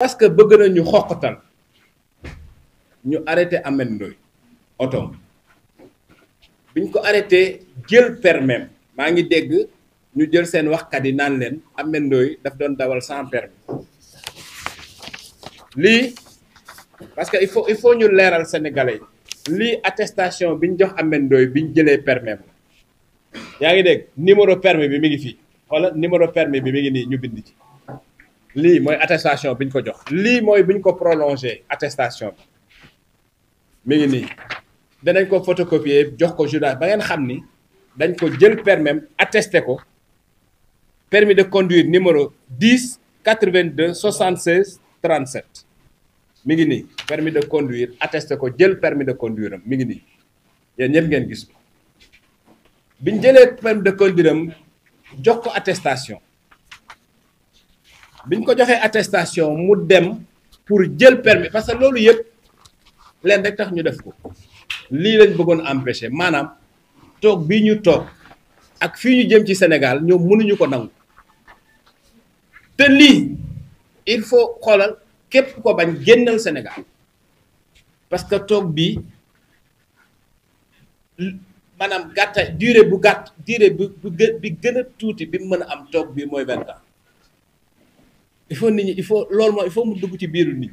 parce que bëgg nañu xoqatal ñu arrêté Ameth oto biñ ko arrêté jël permis maa ngi dégg ñu jël seen waxkat yi naan leen Ameth Ndoye daf doon dawal sans permis lii parce que il faut il faut ñu leeral sénégalais yi lii attestation biñ jox Ameth Ndoye biñ jëlee permis yaa ngi dégg numéro permis bi mi ngi fii wala numéro permis bi mi ngi nii ñu bind ci lii mooy attestation bi ñu ko jox lii mooy bi ñu ko prolongé attestation bi mi ngi nii danañ ko photocopier jox ko juda ba ngeen xam ni dañ ko jël permis attesté ko permis de conduire numéro dix 10 82 76 37 mi ngi nii permis de conduire attesté ko jël permis de conduire am mi ngi nii yéen ñëpp ngeen gis biñ jëlee permis de conduire am jox ko attestation biñ ko joxee attestation mu dem pour jël permis parce que loolu yëpp leen rek tax ñu def ko lii lañ bëggoon empêcher maanaam toog bii ñu toog ak fii ñu jëm ci Sénégal ñoo mënuñu ko nangu te lii il faut xoolal képp ko bañ génnal Sénégal parce que toog bii maanaam gàtta dure bu gàtt durée bu bi gën a tuuti bi mu mën a am toog bii mooy vingt ans il faut nit ñi il faut loolu mooy il faut mu dugg ci biiru nit